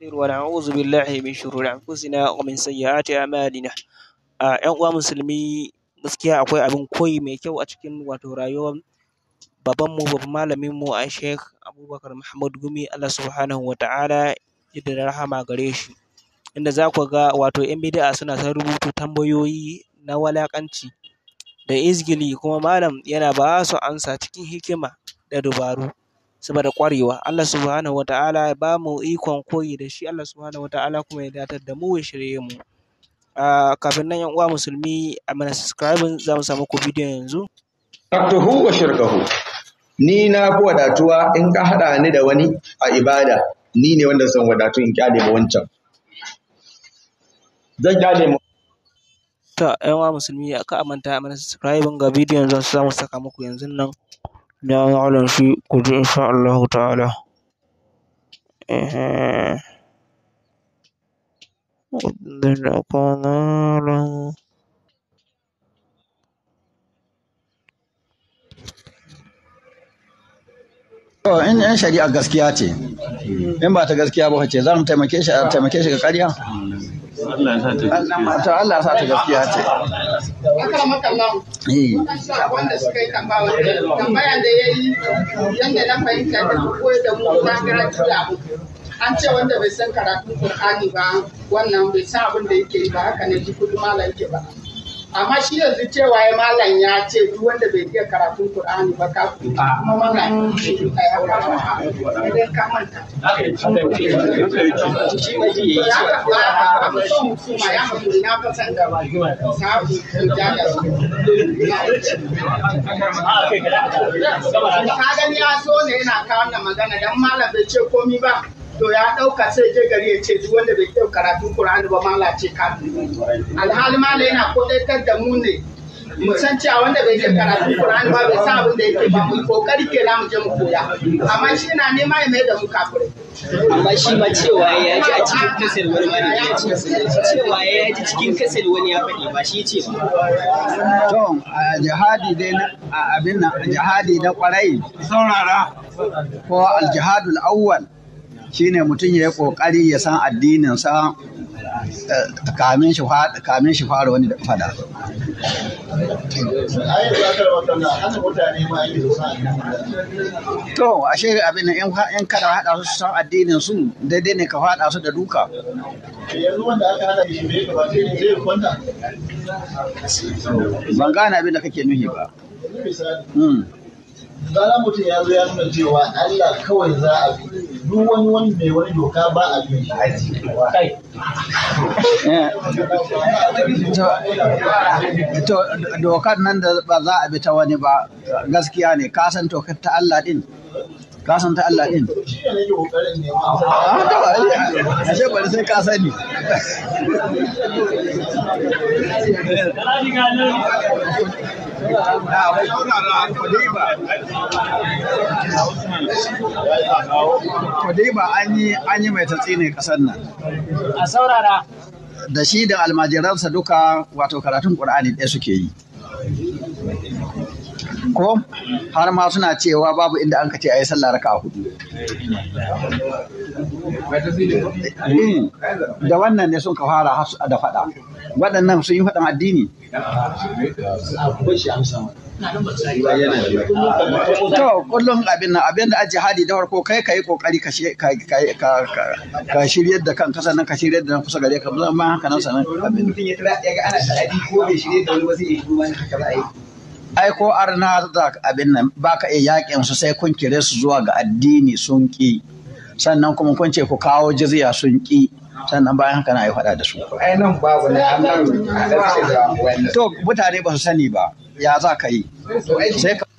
ونعوذ بالله من شرور انفسنا ومن سيئات اعمالنا ‘yan uwa musulmi gaskiya akwai abin koyi mai kyau a cikin wato rayuwar babanmu babban malaminmu a Sheikh Abubakar Muhammad Gumi Allah subhanahu wa ta'ala da rahama gare shi inda za ku ga wato ‘yan bid'a suna ta rubutu tambayoyi na walakanci da izgili kuma malam yana ba su ansa cikin hikima da dabaru saboda ƙwarewa Allah subhanahu Ta'ala, ya bamu ikon koyi da shi Allah subhanahu Ta'ala, kuma ya datar da mu ya shirye mu A ah, kafin nan yan uwa musulmi a mana subscribe za mu samu ku bidiyon yanzu Abduhu wa shirkahu ni na fi wadatuwa in ka haɗa ni da wani a ibada ni ne wanda zan wadatu in kyale ba wancan zan kyale mu. ta yan uwa musulmi aka amanta mana subscribe ga bidiyon za samu saka muku yanzu nan ده يعلن في كتير إن شاء الله تعالى إيه وذل قناله in in shari'a gaskiya ce in ba ta gaskiya ba ce za mu taimake shi a taimake shi ga ƙarya Allah ya sa ta gaskiya. To Allah ya sa ta gaskiya ce. Akara makallan. Eh. Wanda suka yi tambaya tambaya da yayi yanda na fahimta da koyar da mu na karatu da abu. An ce wanda bai san karatun Qur'ani ba wannan bai san abin da yake yi ba haka ne ji kudu malam ke ba. amma shi yanzu cewa ya malam ya ce duk wanda bai iya karatun Kur'ani ba ka ah. kuma malam shi yi idan ka manta shi ji ce ya ka ma ya na san su ka ya so ne yana kawo magana dan malam bai ce komi ba to ya ɗauka sai je gari ya ce duk wanda bai kyau karatu Qur'ani ba ma ce ka alhali la yana kodaitar da mu ne mu san cewa wanda bai kyau karatu Qur'ani ba bai sa abin da yake ba mu kokari ke na mu je mu koya amma shi na nema ya mai da mu kafure amma shi ma cewa ya ji a cikin kasar wani ma ne ya ce cewa ya ji cikin kasar wani ya faɗi ba shi ce ba to jihadi dai na abin nan jihadi da kwarai saurara ko aljihadul jihadul awwal shine mutum ya yi ƙoƙari ya san addininsa eh, kamin shi fara wani fada. To, ashe abin da in kada haɗa su san addinin su daidai ne ka haɗa su da duka. Yanzu wanda aka haɗa shi ne zai kwanta. Ban gane abin da kake nuhi ba. Misali, hmm. mutum ya zo ya nuna cewa Allah kawai za a bi duk wani wani ya wani doka ba a bin shi kai to dokar nan da ba za a bi ta wani ba gaskiya ne ka san tokar ta Allah din ka san ta Allah din ah, a ce bari sai ka sani Kwadiba an yi mai tatsi ne ƙasar nan. A saurara. Da shi da almajiransa duka wato karatun ƙur'ani ɗaya suke yi. Ko har ma suna cewa babu inda an kace a yi sallah raka hudu. Eh, da wannan ne sun ka fara da faɗa. waɗannan sun yi faɗin addini to kullum abin nan abin da a jihadi da farko kai ka yi kokari ka shirya da kan kasa nan ka shirya da nan kusa gare ka ma haka nan sanan abin mutum ya kira ya ga ana tsadi ko bai shirye da wani ba zai yi kuma haka ba ai ko arna da abin nan ba ka iya yakin su sai kun kire su zuwa ga addini sun ki sannan kuma kun ce ku kawo jizya sun ki sannan bayan haka na yi faɗa da su. nan To mutane ba su sani ba ya za ka yi. Sai ka